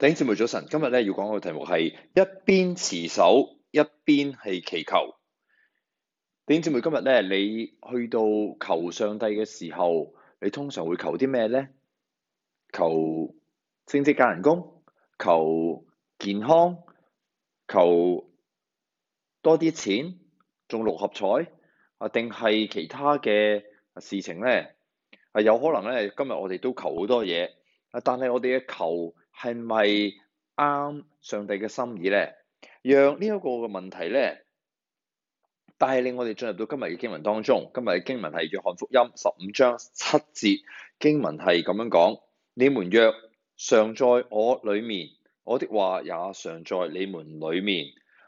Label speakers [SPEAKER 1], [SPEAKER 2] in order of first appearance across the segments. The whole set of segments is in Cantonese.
[SPEAKER 1] 弟兄姊妹早晨，今日咧要講嘅題目係一邊持守，一邊係祈求。弟兄姊妹，今日咧，你去到求上帝嘅時候，你通常會求啲咩咧？求升職加人工，求健康，求多啲錢，中六合彩啊，定係其他嘅事情咧？啊，有可能咧，今日我哋都求好多嘢啊，但係我哋嘅求。係咪啱上帝嘅心意咧？讓呢一個嘅問題咧，帶領我哋進入到今日嘅經文當中。今日嘅經文係約翰福音十五章七節，經文係咁樣講：你們若常在我裏面，我的話也常在你們裏面。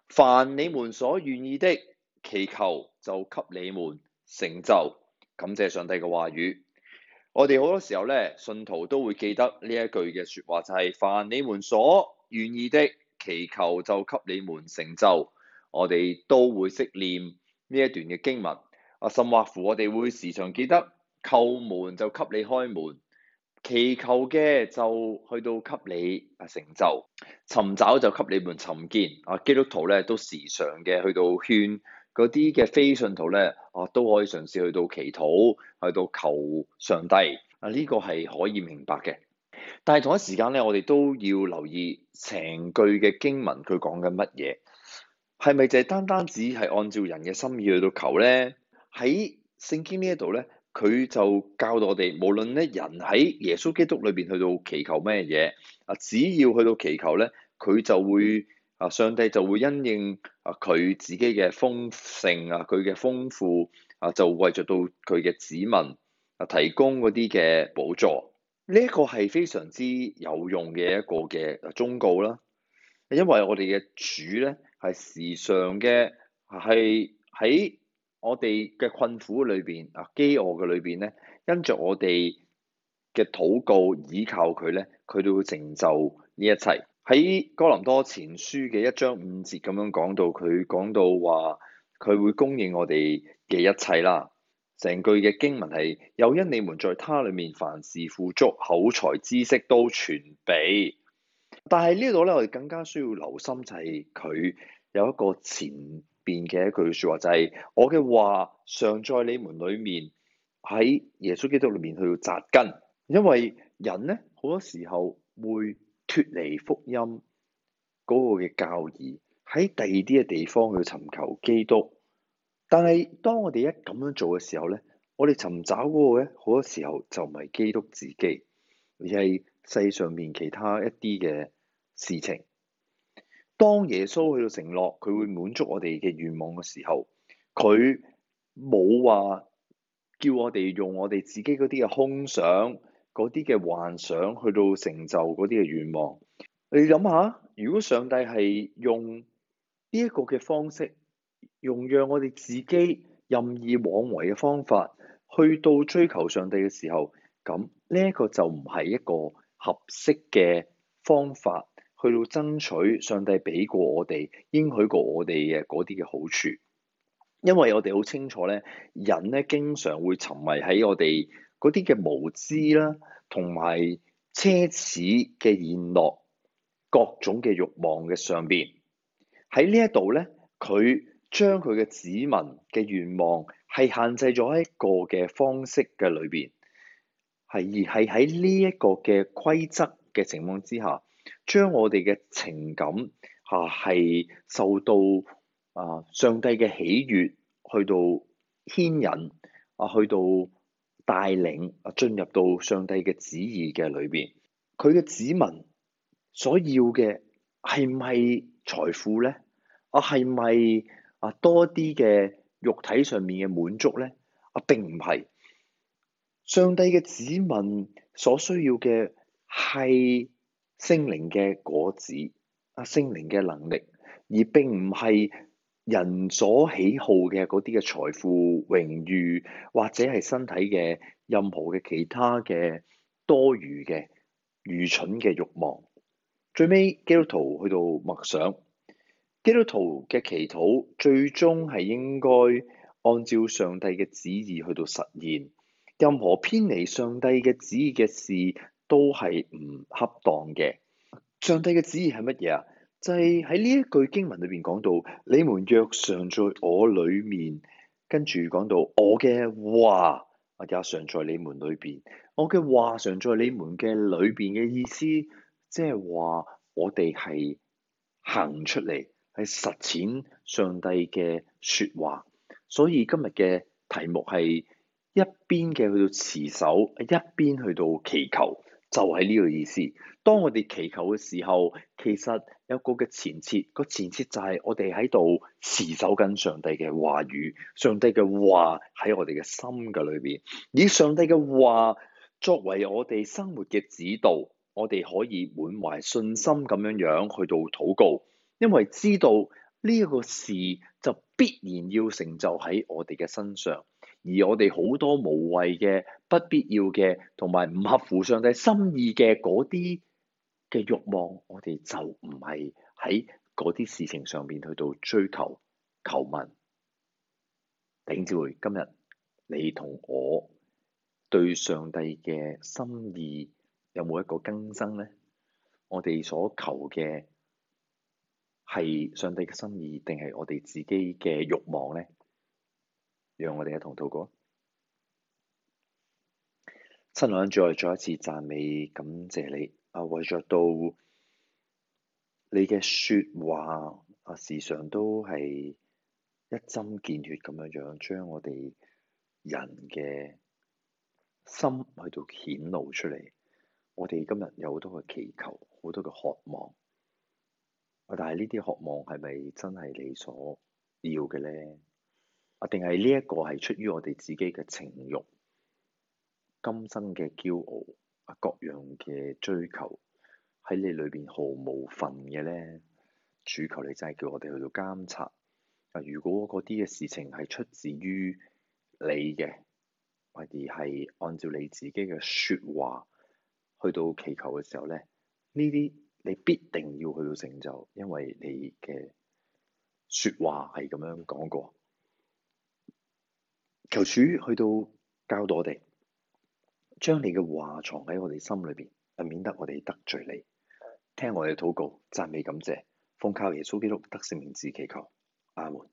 [SPEAKER 1] 凡你們所願意的，祈求就給你們成就。感謝上帝嘅話語。我哋好多時候咧，信徒都會記得呢一句嘅説話，就是，就係凡你們所願意的，祈求就給你們成就。我哋都會識念呢一段嘅經文。啊，甚或乎我哋會時常記得，叩門就給你開門，祈求嘅就去到給你啊成就，尋找就給你們尋見。啊，基督徒咧都時常嘅去到勸嗰啲嘅非信徒咧，啊都可以嘗試去到祈禱，去到求上帝。啊，呢個係可以明白嘅。但係同一時間咧，我哋都要留意成句嘅經文佢講緊乜嘢，係咪就係單單只係按照人嘅心意去到求咧？喺聖經呢一度咧，佢就教到我哋，無論咧人喺耶穌基督裏邊去到祈求咩嘢，啊只要去到祈求咧，佢就會。啊！上帝就會因應啊佢自己嘅豐盛啊，佢嘅豐富啊，就為著到佢嘅子民啊提供嗰啲嘅幫助。呢一個係非常之有用嘅一個嘅忠告啦。因為我哋嘅主咧係時常嘅係喺我哋嘅困苦裏邊啊、飢餓嘅裏邊咧，因着我哋嘅禱告倚靠佢咧，佢都會成就呢一切。喺哥林多前書嘅一章五節咁樣講到，佢講到話佢會供應我哋嘅一切啦。成句嘅經文係：又因你們在他裏面凡事富足，口才知識都全備。但係呢度咧，我哋更加需要留心就係佢有一個前邊嘅一句說話，就係、是、我嘅話常在你們裏面，喺耶穌基督裏面去扎根。因為人咧好多時候會。福音嗰個嘅教義喺第二啲嘅地方去尋求基督，但係當我哋一咁樣做嘅時候咧，我哋尋找嗰個咧好多時候就唔係基督自己，而係世上面其他一啲嘅事情。當耶穌去到承諾佢會滿足我哋嘅願望嘅時候，佢冇話叫我哋用我哋自己嗰啲嘅空想，嗰啲嘅幻想去到成就嗰啲嘅願望。你諗下，如果上帝係用呢一個嘅方式，用讓我哋自己任意妄為嘅方法去到追求上帝嘅時候，咁呢一個就唔係一個合適嘅方法去到爭取上帝俾過我哋、應許過我哋嘅嗰啲嘅好處，因為我哋好清楚咧，人咧經常會沉迷喺我哋嗰啲嘅無知啦，同埋奢侈嘅宴樂。各種嘅欲望嘅上邊，喺呢一度咧，佢將佢嘅子民嘅願望係限制咗喺一個嘅方式嘅裏邊，係而係喺呢一個嘅規則嘅情況之下，將我哋嘅情感嚇係受到啊上帝嘅喜悅去到牽引啊去到帶領啊進入到上帝嘅旨意嘅裏邊，佢嘅子民。所要嘅係唔係財富咧？啊，係咪啊多啲嘅肉體上面嘅滿足咧？啊，並唔係。上帝嘅子民所需要嘅係聖靈嘅果子，啊，聖靈嘅能力，而並唔係人所喜好嘅嗰啲嘅財富、榮譽或者係身體嘅任何嘅其他嘅多餘嘅愚蠢嘅欲望。最尾基督徒去到默想，基督徒嘅祈禱最終係應該按照上帝嘅旨意去到實現，任何偏離上帝嘅旨意嘅事都係唔恰當嘅。上帝嘅旨意係乜嘢啊？就係喺呢一句經文裏邊講到，你們若常在我裏面，跟住講到我嘅話也常在你們裏邊，我嘅話常在你們嘅裏邊嘅意思。即係話我哋係行出嚟，係實踐上帝嘅説話。所以今日嘅題目係一邊嘅去到持守，一邊去到祈求，就係呢個意思。當我哋祈求嘅時候，其實有個嘅前設，個前設就係我哋喺度持守緊上帝嘅話語，上帝嘅話喺我哋嘅心嘅裏邊，以上帝嘅話作為我哋生活嘅指導。我哋可以滿懷信心咁樣樣去到禱告，因為知道呢一個事就必然要成就喺我哋嘅身上，而我哋好多無謂嘅、不必要嘅同埋唔合乎上帝心意嘅嗰啲嘅欲望，我哋就唔係喺嗰啲事情上邊去到追求求問。頂至會今日你同我對上帝嘅心意。有冇一個更新呢？我哋所求嘅係上帝嘅心意，定係我哋自己嘅慾望呢？讓我哋一同禱告。親愛再再一次讚美感謝你。啊，為著到你嘅説話啊，時常都係一針見血咁樣樣，將我哋人嘅心喺度顯露出嚟。我哋今日有好多嘅祈求，好多嘅渴望，但係呢啲渴望係咪真係你所要嘅咧？啊，定係呢一個係出於我哋自己嘅情欲，今生嘅驕傲啊，各樣嘅追求喺你裏邊毫無份嘅咧？主求你真係叫我哋去到監察啊！如果嗰啲嘅事情係出自於你嘅，或而係按照你自己嘅說話。去到祈求嘅時候咧，呢啲你必定要去到成就，因為你嘅說話係咁樣講過。求主去到教導我哋，將你嘅話藏喺我哋心裏面，啊免得我哋得罪你。聽我哋禱告、讚美、感謝，奉靠耶穌基督得勝名字祈求，阿門。